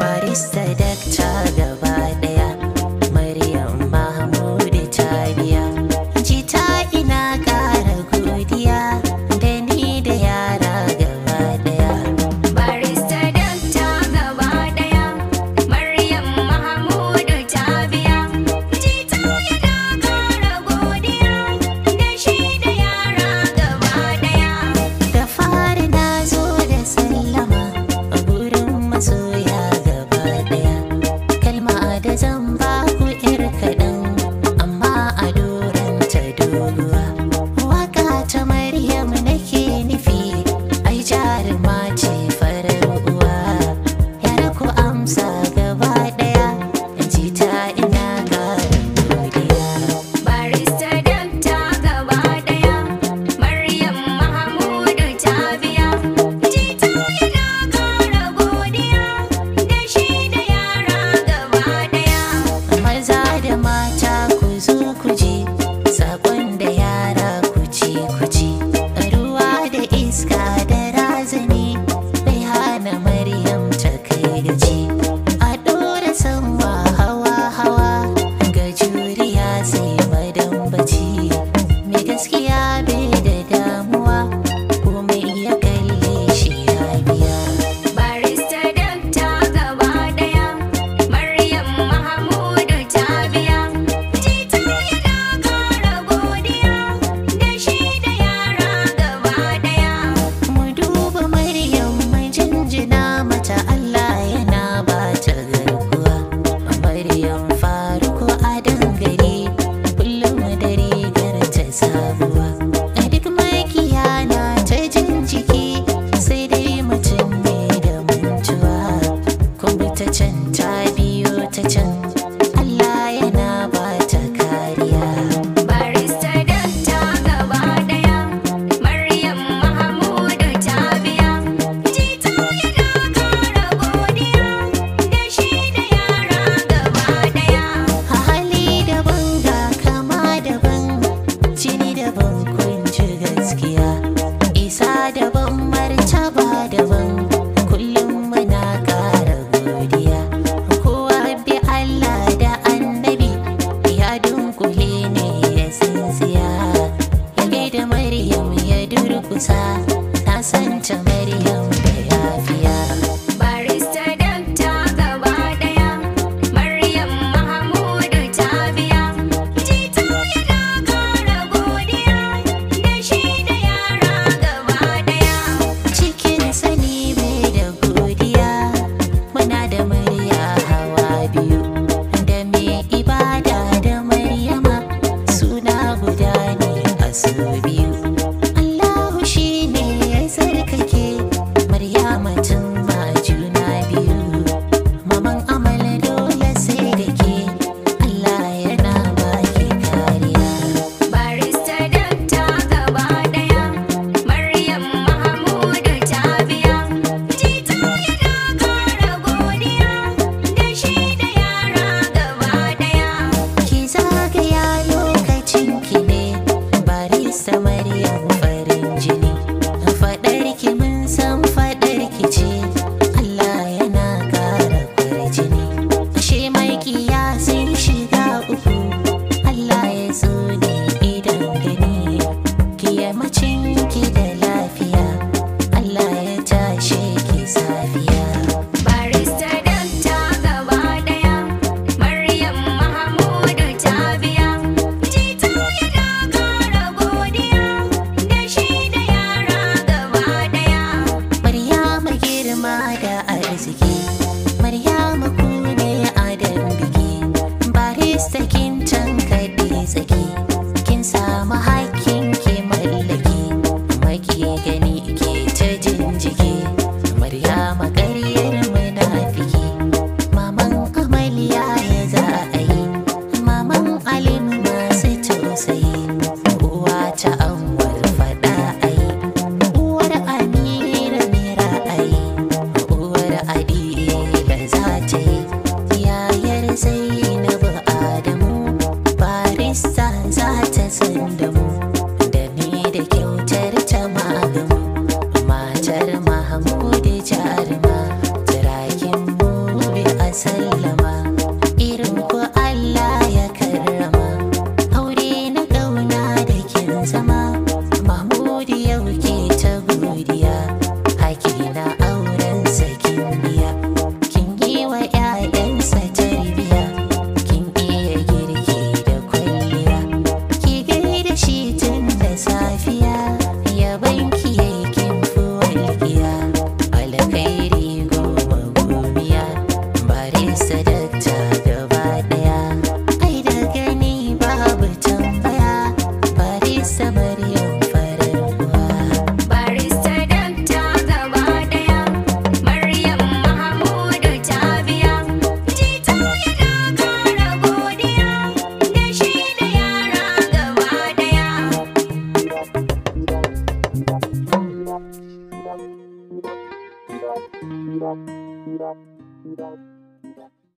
Barista deck. baby. da macin ki da Lady